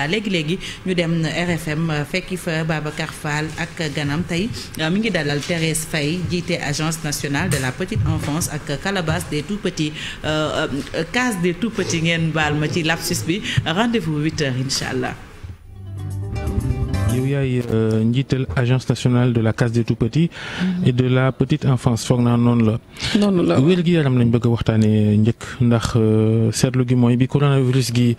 Ah, léegi léegi ñu dem RFM euh, fekki Baba Babacar Fall ak ganam tay euh, mi ngi dalal Thérèse Faye JT agence nationale de la petite enfance ak Calabas des tout petits euh, case des tout petits ngeen bal ma ci rendez-vous 8 heures inshallah yow yaay njiital agence nationale de la case des tout-petits et de la petite enfance foog naa noonu la. noonu la wér gi yaram lañ bëgg a waxtaanee ndax euh, seetlu gi mooy bi coronavirus gi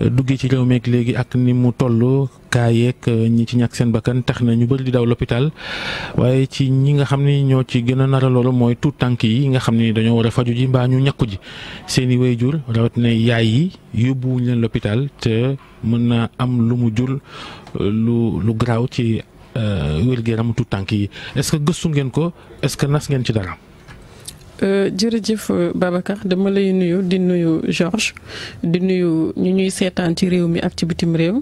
euh, duggee ci réew meeg léegi ak ni mu tollu kayek euh, ñi ci ñak seen bakkan tax na ñu bëri di daw l'hôpital waye ci ñi nga xamni ñoo ci gëna a nara loolu mooy tout tank yi nga xamni dañoo wara faju ji mbaa ñu ñàkku ji seeni waajur rawatina yaay yi yobbu leen l'hôpital te mën na am lu mu jur lu lu garaaw ci euh, wér-gu-yaramu tànk yi est que gëstu ngeen ko est que nas ngeen ci dara. Euh, jërëjëf euh, Babacar dama lay nuyu di nuyu Georges di nuyu ñu ñuy seetaan ci réew mi ak ci bitim réew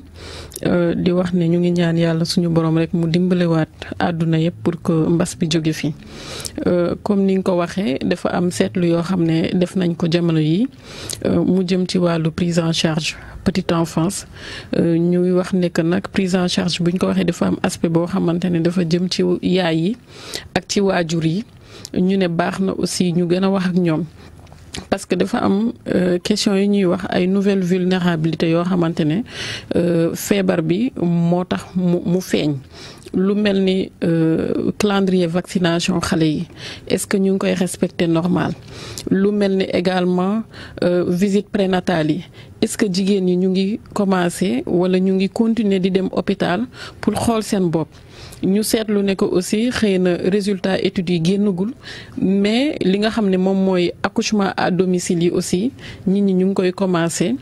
di wax ne ñu ngi ñaan yàlla suñu borom rek mu dimbalewaat àdduna yëpp pour que mbas bi jóge fi. comme ni nga ko waxee dafa am seetlu yoo xam ne def nañ ko jamono yi mu jëm ci wàllu prise en charge. petite enfance euh, ñuy wax nek prise en charge buñ ko waxé dafa am aspect bo xamantene dafa jëm ci ak ci aussi ñu gëna wax parce que dafa am euh, question yi ñuy nouvelle vulnérabilité yo xamantene euh fièvre bi motax mu lu mel ni euh, calendrier vaccination xale yi est-ce que ñu ngi koy respecter normal lu mel ni également euh, visite prénatale yi est-ce que jigéen ñi ñu ngi commencer wala ñu ngi continuer di dem hôpital pour xool seen bopp ñu seetlu ne ko aussi xëy na résultat étude yi génnagul mais li nga xam ne moom mooy accouchement à domicile yi aussi nit ñi ñu ngi koy commencer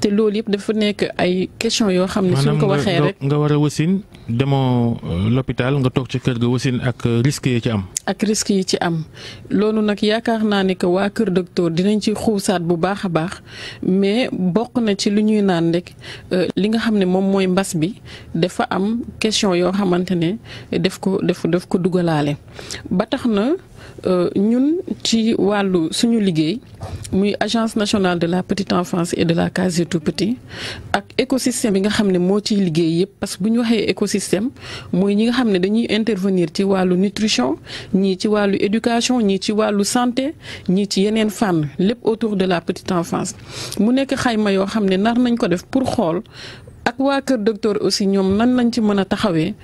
te loolu yëpp dafa nekk ay question yoo xam ne suñ ko waxee rek nga war a wasin demoo euh, l'hôpital nga toog ci kër ga wasin ak euh, risques yi ci am. ak risques yi ci am loolu nag yaakaar naa ne que waa kër docteur dinañ ci xuusaat bu baax a baax mais bokk na ci li ñuy naan rek euh, li nga xam ne moom mooy mbas bi dafa am question yoo xamante ne def ko def def ko dugalaale ba tax na. Euh, ñun ci walu suñu liggéey muy agence nationale de la petite enfance et de la case des tout-petits ak écosystème bi nga xamné mo ci ciy liggéey parce que buñ waxé écosystème mooy ñi nga xamné dañuy intervenir ci walu nutrition ñi ci walu éducation ñi ci walu santé ñi ci yeneen fan lépp autour de la petite enfance mu nekk xayma yo xamné nar nañ ko def pour xool ak waa Kër Docteur aussi ñoom nan lañ ci mën a taxawee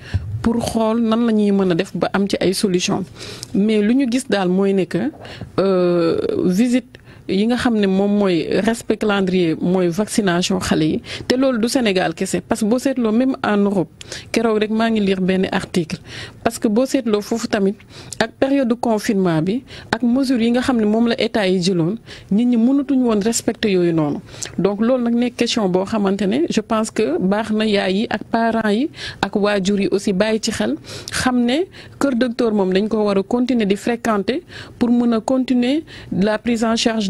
pour xool nan la ñuy mën a def ba am ci ay solution mais lu ñu gis daal mooy ne que euh, visite yi nga xam ne moy respect calendrier moy vaccination xalé yi té loolu du Sénégal kessé parce que bo seetloo même en Europe keroog rek ma ngi lire benn article parce que bo seetloo fofu tamit ak période de confinement bi ak mesure yi nga xam mom la état yi jëloon nit ñi mënutuñ won respecter yoyu non donc loolu nak nekk question bo xamante je pense que baax na yaay yi ak parents yi ak waajur yi aussi bay ci xel xam ne docteur mom dañ ko wara continuer di fréquenter pour mëna continuer la prise en charge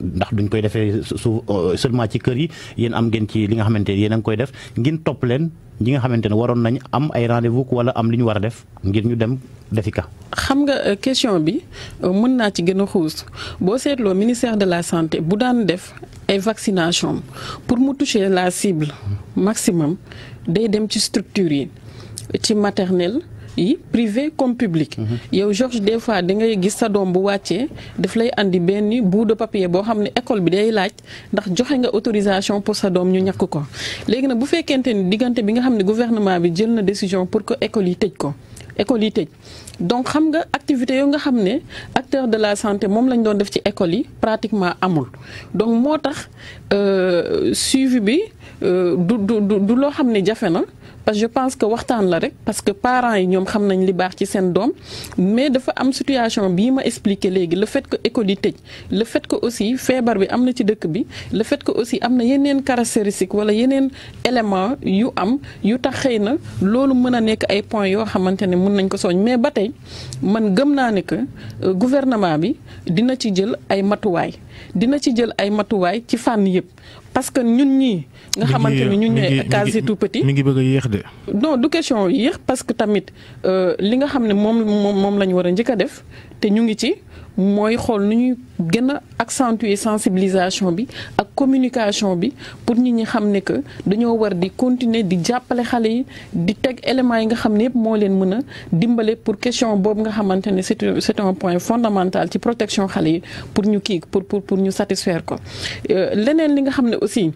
ndax duñ koy defee su euh, seulement ci kër yi yéen am ngeen ci li nga xamante yéen a ngi koy def ngeen topp leen ñi nga xamante ne waroon nañ am ay rendez-vous wala am li ñu war def ngir ñu dem defi ka xam nga euh, question bi euh, mën naa ci gën a xuus boo seetloo ministère de la santé bu daan def ay vaccination pour mu toucher la cible maximum day dem ci structure yi ci maternelle yi privé comme public. yow Georges des fois da ngay gis sa dom bu wàccee daf lay andi benn bout de papier bo xam école bi day laaj ndax joxe nga autorisation pour sa dom ñu ñàkk ko Légui nak bu fekente ni diganté bi nga xam gouvernement bi jël na décision pour que école yi tëj ko école yi tëj. donc xam nga activité yo nga xam acteur de la santé mom lañ doon def ci école yi pratiquement amul donc motax euh suivi bi euh, du du du lo xam ne na. parce que je pense que waxtaan la rek parce que parents yi ñoom xam nañ li baax ci seen doom mais dafa am situation bii ma expliqué léegi le fait ko école yi tëj le fait ko aussi feebar bi am na ci dëkk bi le fait ko aussi am na yeneen caractéristique wala yeneen élément yu am yu tax xëy na loolu mën a nekk ay points yoo xamante ne mun nañ ko soñ mais ba tey man gëm naa ne que euh, gouvernement bi dina ci jël ay matuwaay dina ci jël ay matuwaay ci fànn yëpp parce que ñun ñii. nga xamante ni ñun ñooy quasi tout petit. mu ngi bëgg a yéex de. non du question yéex parce que tamit euh, li nga xam ne moom moom la ñu war a njëkk a def te ñu ngi ci. mooy xool nu ñuy gën a accentuer sensibilisation bi ak communication bi pour nit ñi xam ne que dañoo war di continuer di jàppale xale yi di teg éléments yi nga xam ne yëpp moo leen mën a dimbale pour question boobu nga xamante ne c'est c'est un point fondamental ci protection xale yi pour ñu kii pour pour pour ñu satisfaire ko euh, leneen li nga xam ne aussi.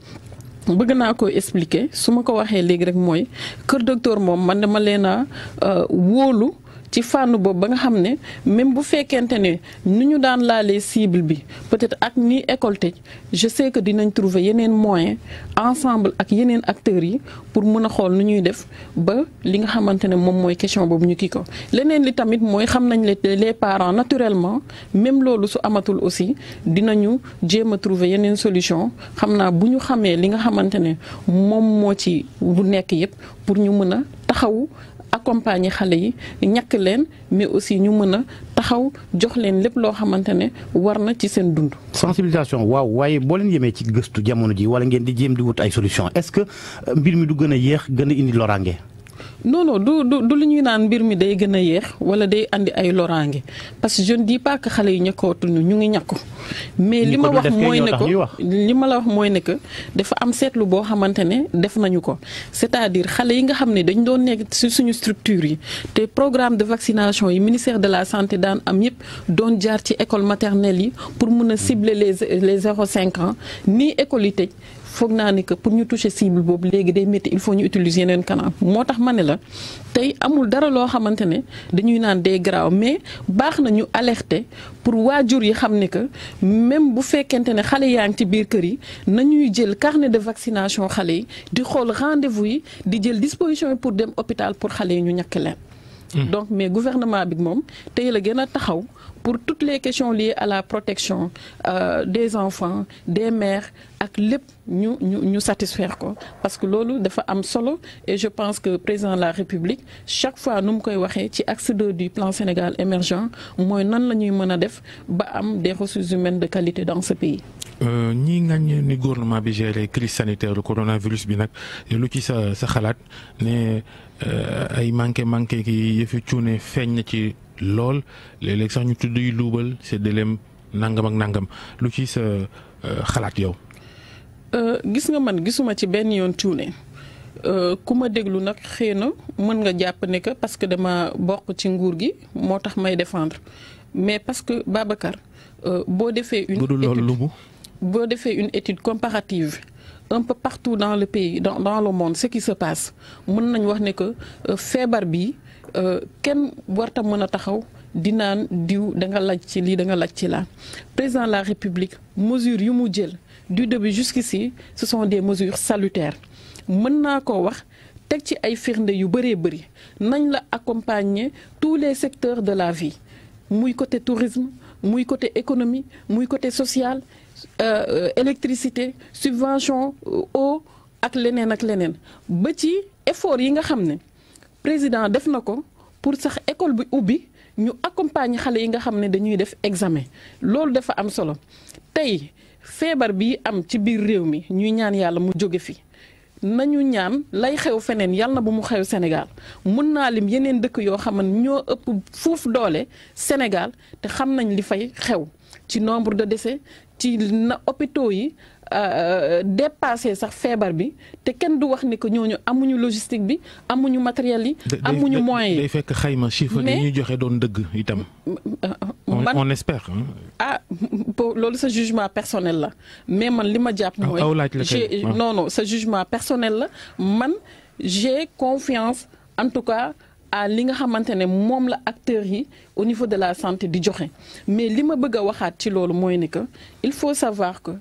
bëgg naa ko expliquer su ma ko waxee léegi rek mooy kër doctor moom man dama leen a euh, wóolu. ci fànn boobu ba nga xam ne même bu fekkente ne nu ñu daan laalee cible bi peut-être ak ni école tëj je sais que dinañ trouver yeneen moyen ensemble ak yeneen acteur yi pour mën a xool nu ñuy def ba li nga xamante ne moom mooy question boobu ñu kii ko. leneen li tamit mooy xam nañ ne les parents naturellement même loolu su amatul aussi dinañu jéem a trouver yeneen solution xam naa bu ñu xamee li nga xamante ne moom moo ci bu nekk yépp pour ñu mën a taxawu. accompagner xale yi ñàkk leen mais aussi ñu mën a taxaw jox leen lépp loo xamante ne war na ci seen dund. sensibilisation waaw waaye boo leen yemee ci gëstu jamono ji wala ngeen di jéem di wut ay solution est-ce que euh, mbir mi du gën a yéex gën a indi loraange. non du du lu ñuy naan mbir mi day gën a yéex wala day indi ay loraange parce que je ne dis xale yi ñakkootuñu ñu ngi ñakku mais li ma wax mooy ne ko li ma la wax mooy ne que dafa am seetlu boo xamante ne def nañu ko c'est-à-dire xale yi nga xam ne dañ doon nekk ci suñu structure yi te programme de vaccination yi ministère de la santé daan am yëpp doon jaar ci école maternelle yi pour mun a cibler les les zéro cinq ans nii école yi tëj Faut naa que pour ñu toucher cible bob légui day il faut ñu utiliser yeneen canal motax tax ma la tey amul dara lo xamantene dañuy nane des graves mais baxna ñu alerter pour wajur yi xam que même bu fekkente ne xale yaa ngi ci biir kër yi nañuy jël carnet de vaccination xalé di xol rendez-vous yi di jël disposition pour dem hôpital pour xalé ñu ñàkk leen. Hmm. donc mais gouvernement bi mom tay la gëna taxaw pour toutes les questions liées à la protection euh, des enfants des mères ak lépp ñu ñu ñu satisfaire ko parce que loolu dafa am solo et je pense que président de la République chaque fois nous mu koy waxee du plan Sénégal émergent nous nan la ñuy mën des ressources humaines de qualité dans ce pays. Ni euh, ngañ ni gouvernement bi géré crise sanitaire le coronavirus bi nak lu ci sa sa xalaat ne euh, ay manqué manqué ki ci lol l'élection léeg sax ñu tudd yu luubal séddaleem nangam ak nangam lu ci sa euh, xalaat yow. Euh, gis nga man gisuma ci ben yon cuune euh kuma déglu nak xëy mën nga japp ne que parce que dama bok ci nguur gi motax may défendre mais parce que Babacar euh, bo défé une étude bo défé une étude comparative. un peu partout dans le pays dans dans le monde ce qui se passe mën nañ wax ne que fébar bi. Euh, kenn warta mën a taxaw di nan diw da nga laaj ci li da nga laaj ci la président de la république mesures yu mu jël du début jusqu'ici ce sont des mesures salutaires mën ko wax tek ci ay firnde yu bëree bëri nañ la accompagner tous les secteurs de la vie muy côté tourisme muy côté économie muy côté social euh, euh, électricité subvention eau ak lenen ak lenen ba ci effort yi nga xamné président def na ko pour sax école bi ubbi ñu accompagner xale yi nga xam ne dañuy def examen loolu dafa am solo tey feebar bi am ci biir réew mi ñuy ñaan yàlla mu jóge fi nañu ñaan lay xew feneen yàlla bu mu xew Sénégal mun naa lim yeneen dëkk yoo xam ne ñoo ëpp fuuf doole Sénégal te xam nañ li fay xew ci nombre de dese ci na hôpitaux yi euh, euh, dépassé sax fièvre bi té kenn du wax ni que ñooñu amuñu logistique bi amuñu matériel yi. amuñu moyens yi day fekk xayma chiffre yi ñu joxe doon dëgg itam. Euh, on espère. Hein. ah lolu sa jugement personnel la mais man lima japp ah. non non sa jugement personnel la man j'ai confiance en tout cas à li nga xamante ne la acteurs yi au niveau de la santé du joxe mais li ma bëgg a ci loolu mooy ne que il faut savoir que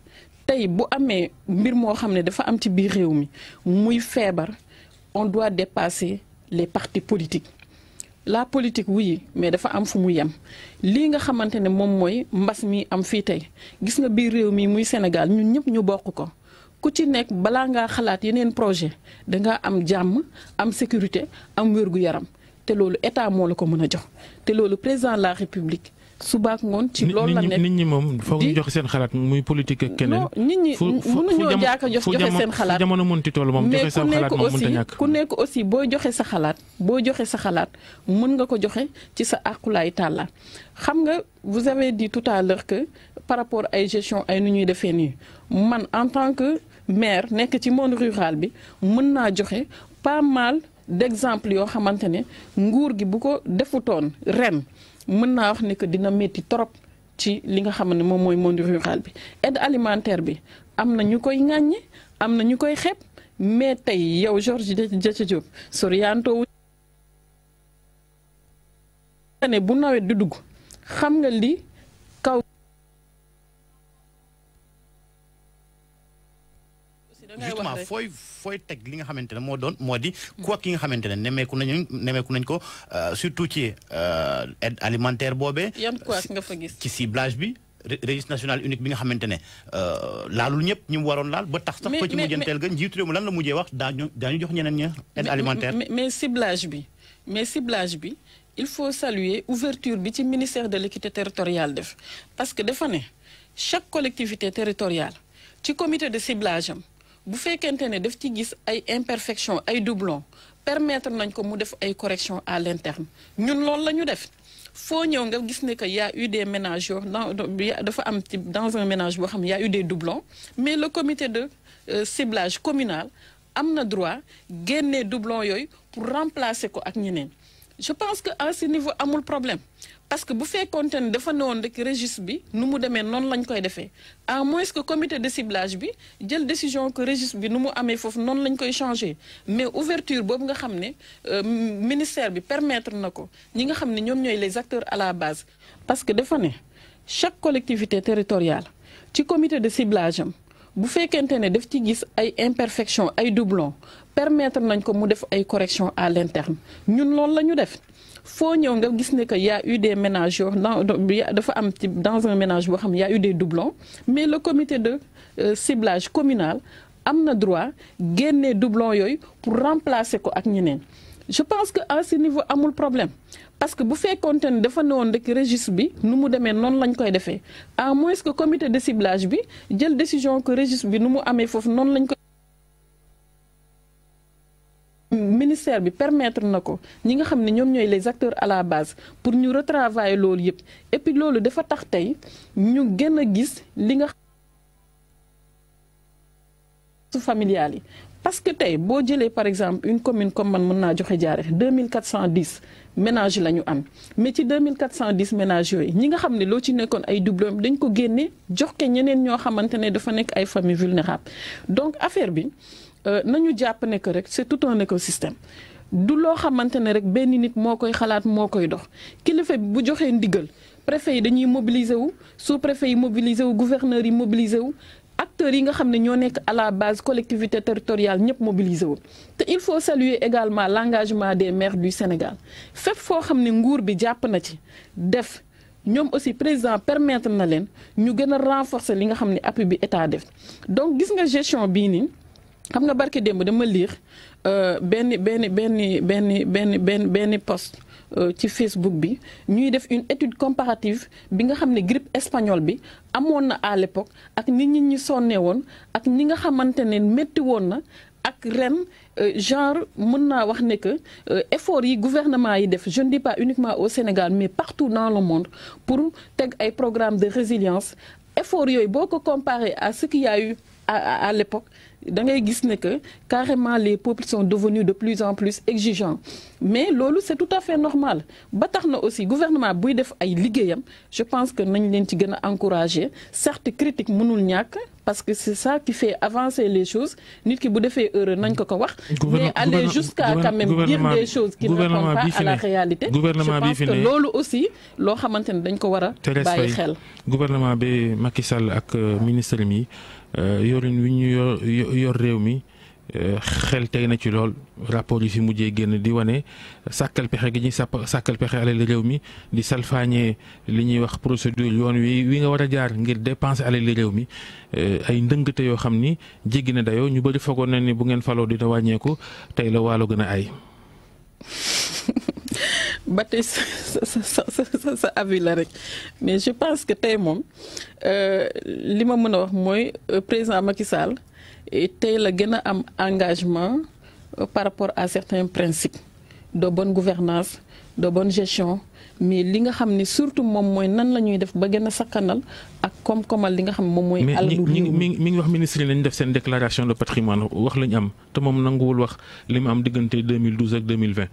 tay bu amee mbir moo xam ne dafa am ci biir réew muy feebar on doit dépasser les partis politiques la politique oui mais dafa am fu mu yem lii nga xamante ne moom mooy mbas mi am fii tey gis nga biir réew muy Sénégal ñun ñëpp ñu bokk ko ku ci nekk balaa ngaa xalaat yeneen projet dangaa am jàmm am sécurité am wér yaram te loolu état moo la jox président de la république ci la nit ñi seen xalaat muy politique ak nit ñi seen xalaat aussi sa xalaat boo joxe sa xalaat nga ko ci sa vous avez dit tout à l'heure que par rapport à ay gestion ay nu ñuy defee man en tant que maire nekk ci monde rural bi mën naa pas mal. d'exemple yoo xamante ne nguur gi bu ko defutoon ren mën naa wax ne que dina métti trop ci li nga xam ne moom mooy monde rural bi aide alimentaire bi am na ñu koy ŋàññi am na ñu koy xeeb mais tey yow Georges Diatia Diop sorianto ne bu nawet di dugg xam nga li kaw justement fooy fooy tek li nga xamantene mo doon quoi ki nga xamantene ne nemeeku nañu nemeeku nañ ko euh, surtout ci euh, aide alimentaire bobé yan quoi nga fa gis ci ciblage bi registre national unique bi nga xamantene ne euh, laalul ñep ñu waron lal ba tax sax ko ci mujjanteel ga njiitu réew mi lan la mujjee wax daañu daañu jox ñeneen ña aide alimentaire mais ciblage bi mais ciblage bi il faut saluer ouverture bi ci ministère de l'équité territoriale def parce que defa ne chaque collectivité territoriale ci comité de ciblage am vous faites qu'il y ci des ay imperfection ay doublon permettre de ko mu def correction à l'interne Nous, loolu fait. ça. Il faut que nga gis ne que y a eu des ménages dans un ménage il y a eu des doublons mais le comité de euh, ciblage communal a le droit de gagner des doublons pour remplacer les ak je pense que à ce niveau amul problème parce que bu fekkoonte ne dafa newoon rek registre bi nu mu non noonu lañ koy faire. à moins que comité de ciblage bi jël décision que registre bi nu mu amee foofu non lañ koy changer mais ouverture boobu nga xamné euh, ministère bi permettre nako ñi nga xamné ñom les acteurs à la base. parce que dafa chaque collectivité territoriale ci comité de ciblage bu fekkente ne daf ci gis ay imperfection ay doublon permettre nañ ko mu def ay correction à l'interne ñun loolu lañu def Faut ñëw nga gis ne que y a eu des ménages yoo dafa am ci dans un ménage bo xam y a eu des doublons mais le comité de euh, ciblage communal amna droit génnee doublon yoy pour remplacer ko ak ñeneen je pense que à ce niveau amul problème parce que bu fekkoonte ne dafa newoon rek registre bi nu mu demee noonu lañ koy défé à moins que comité de ciblage bi jël décision que registre bi nu mu amee foofu lañ koy ministère bi permettre nako ñi nga xam ñom ñoy les acteurs à la base pour ñu retravailler loolu yépp et puis loolu dafa tax tay ñu gëna gis li nga su familial parce que tey boo jëlee par exemple une commune comme man mën joxe 2410 ménages la am mais ci 2410 ménages yooyu ñi nga xam ne loo ci nekkoon ay doublons dañ ko génne jox ko ñeneen ñoo xamante dafa nekk ay familles vulnérables. donc affaire bi euh, nañu jàpp ne rek c'est tout un écosystème du lo xamantene rek benn nit moo koy xalaat moo koy dox kilifa bi bu joxee ndigal préfet yi dañuy mobiliser wu sous-préfet yi mobiliser wu gouverneur yi mobiliser wu acteurs yi nga xamné à la base collectivité territoriale ñëpp mobilisé il faut saluer également l'engagement des maires du Sénégal fep nguur bi na ci def aussi présents permettre na nous ñu que renforcer li nga donc gestion lire euh, poste euh, ci Facebook bi ñuy une étude comparative bi nga xamné grippe espagnole bi à l'époque ak nit ñi ak nga euh, genre mën wax né que euh, effort gouvernement je ne dis pas uniquement au Sénégal mais partout dans le monde pour tek ay programme de résilience effort yoy boko comparé à ce qu'il y a eu à l'époque dans carrément les peuples sont devenus de plus en plus exigeants mais lolo c'est tout à fait normal ba aussi gouvernement a def ay je pense que nous devons ci certaines critiques encourager certes critique parce que c'est ça qui fait avancer les choses nit ki bu defee heureux nagn ko ko wax. mais aller jusqu'à quand même dire des choses qui ne répondent pas à la réalité. gouvernement bi fini lolu je pense que aussi lo xamantene dañ ko wara baye xel gouvernement bi Macky Sall ak euh, ministre mi euh, yorine wi ñu yor yor réew mi. xel tey na ci lool rapport yi fi mujjee génn di wane sàkkal pexe gi ñuy sàpp sàkkal pexe alal réew mi di salfaañee li ñuy wax procédure yoon wi wi nga war a jaar ngir dépenser alal réew mi eh, ay ndëngte yoo xam ni jéggi na ñu bëri foogoon na ni bu ngeen faloo dina wàññeeku tey la waalo gën a ay. ba tey sa sa sa sa avis rek mais je pense que tey moom euh, li ma mën a wax mooy euh, président Macky Sall et tey engagement euh, par rapport à certains principes de bonne gouvernance de bonne gestion mais li nga surtout moom mooy nan la ñuy def ba gën a ak li nga xam ministre yi def sen déclaration de patrimoine wax lañ am te mom nangul wax li am 2012 ak 2020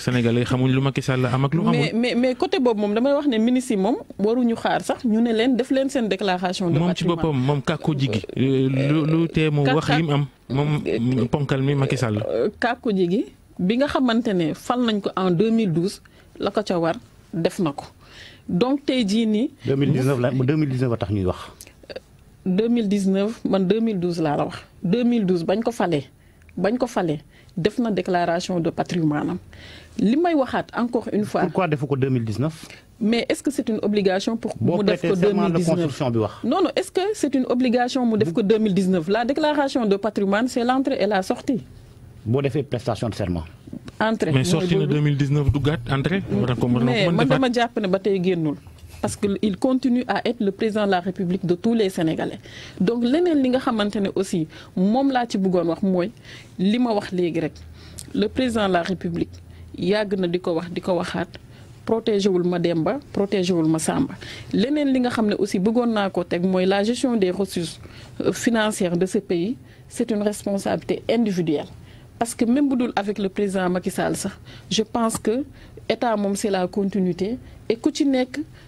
sénégalais xamuñ lu Macky Sall am ak lu amul. mais mais mais côté boobu mom dama wax né ministre mom waruñu xaar sax ñu ne leen def leen sen déclaration. de mom ci bopam mom kàkku jigi. lu lu tee wax yi am. mom ponkal mi Macky Sall. Euh, kàkku jigi bi nga xamantene ne fal nañ ko en 2012 la ko ca war def nako donc tay jii ni 2019 la 2019 a tax ñuy wax. 2019 euh, man 2012 la la wax 2012 bañ ko falé bañ ko falé def déclaration de patrimoine li encore une fois. pourquoi de 2019. mais est-ce que c'est une obligation pour mu def de 2019 non non est-ce que c'est une obligation mu def 2019 la déclaration de patrimoine c'est l'entrée et la sortie. Bon, effet prestation de serment. entrée mais sortie de 2019 gat entrée. Mm. mais dama ne parce qu'il continue à être le président de la République de tous les Sénégalais donc ce li nga savez aussi c'est la ci je wax mooy le président de la République yàgg na di wax protéger wul ma Demba protégé wul ma Samba leneen li nga aussi bëggoon naa la gestion des ressources euh, financières de ce pays c'est une responsabilité individuelle parce que même avec le président Macky Sall je pense que l'État, c'est la continuité et ku ci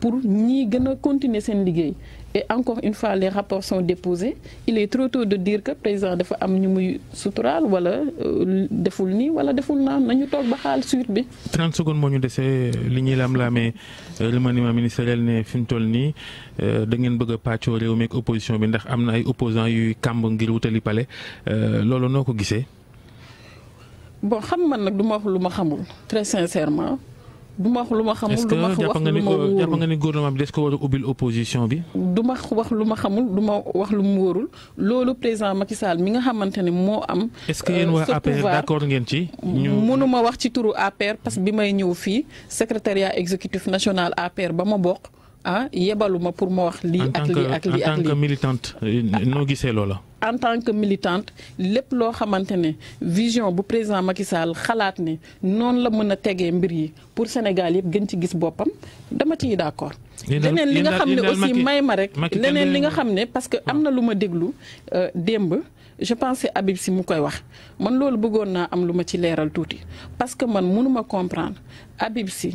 pour ñii continuer sen liguey et encore une fois les rapports sont déposés il est trop tôt de dire que président dafa am ñu muy suturaal wala euh, deful ni wala deful na nañu tok ba xal suite bi. 30 secondes mo ñu desee euh, li ñi lam-laamee euh, remaniement ministériel ne fi mu toll nii da ngeen bëgg a réew ak opposition bi ndax amna ay opposants yu kàmb ngir wutali pale lolu noko gissé bon xam man nak duma wax xamul très sincèrement. du wax lu ma xamul. du ma wax wax lu ma wóorul est bi des ko war a wax lu ma xamul du ma wax lu mu wóorul loolu président Macky mi nga xamante ne moo am. est-ce que yéen euh, waa APR d'accord ngeen ci. ñu mënuma wax ci turu APR parce que bi may ñëw fii secrétariat exécutif national APR ba ma bokk. ah yebaluma pour ma wax lii ak li ak lii ak lii euh, en tant que militante no gissé lola en tant que militante lepp lo xamantene vision bu président Macky Sall xalat ne non la meuna a mbir yi pour Sénégal yëpp gën ci gis bopam dama ci d'accord. lenen li nga xamné aussi mayma rek lenen li nga xamné parce que amna luma déglu euh, demb je pensais que Habib si mou koy wax man loolu bëggon na am luma ci léral touti parce que man mënuma comprendre Habib si.